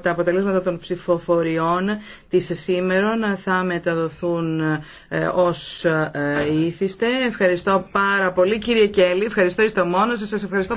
τα αποτελέσματα των ψηφοφοριών της σήμερα θα μεταδοθούν ε, ως ε, ήθιστε. Ευχαριστώ πάρα πολύ κύριε Κέλλη, ευχαριστώ εις το μόνο σας, σας ευχαριστώ